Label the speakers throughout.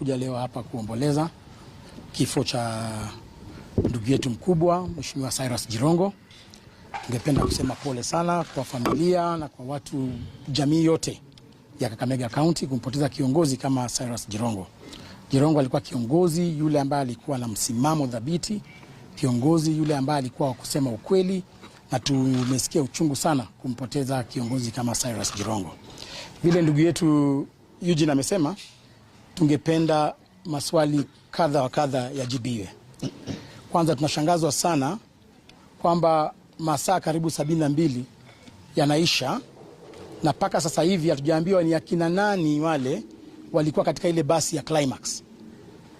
Speaker 1: kuja leo hapa kuomboleza kifo cha ndugu yetu mkubwa Mheshimiwa Cyrus Jirongo. Ningependa kusema pole sana kwa familia na kwa watu, jamii yote ya Kakamega County kumpoteza kiongozi kama Cyrus Jirongo. Jirongo alikuwa kiongozi yule ambaye alikuwa na msimamo dhabiti, kiongozi yule ambaye alikuwa wa kusema ukweli, na tumesikia uchungu sana kumpoteza kiongozi kama Cyrus Jirongo. Vile ndugu yetu Eugene amesema Tungependa maswali kadha wa kadha yajibiwe. Kwanza, tunashangazwa sana kwamba masaa karibu sabini na mbili yanaisha na mpaka sasa hivi hatujaambiwa ni akina nani wale walikuwa katika ile basi ya Climax.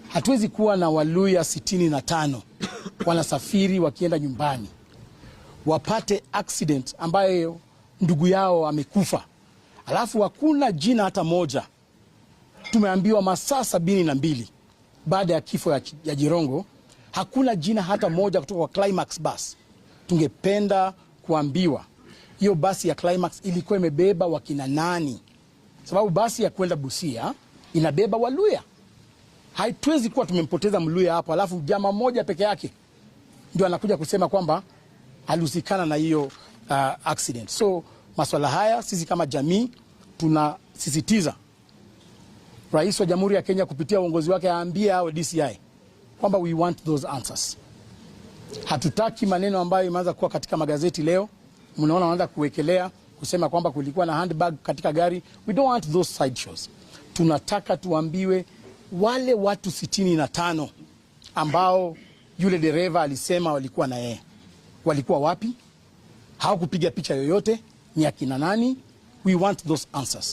Speaker 1: Hatuwezi kuwa na Waluya sitini na tano wanasafiri wakienda nyumbani wapate accident ambayo ndugu yao amekufa, alafu hakuna jina hata moja tumeambiwa masaa sabini na mbili baada ya kifo ya, ya Jirongo hakuna jina hata moja kutoka kwa Climax bus. Tungependa kuambiwa hiyo basi ya Climax ilikuwa imebeba wakina nani, sababu basi ya kwenda Busia inabeba Waluya. Haituwezi kuwa tumempoteza Mluya hapo, alafu jamaa moja peke yake ndio anakuja kusema kwamba alihusikana na hiyo uh, accident. So maswala haya sisi kama jamii tunasisitiza Rais wa Jamhuri ya Kenya kupitia uongozi wake aambie hao DCI kwamba we want those answers. Hatutaki maneno ambayo imeanza kuwa katika magazeti leo, mnaona wanaanza kuwekelea kusema kwamba kulikuwa na handbag katika gari. We don't want those side shows. Tunataka tuambiwe wale watu sitini na tano ambao yule dereva alisema walikuwa na yeye walikuwa wapi? Hawakupiga picha yoyote, ni akina nani? We want those answers.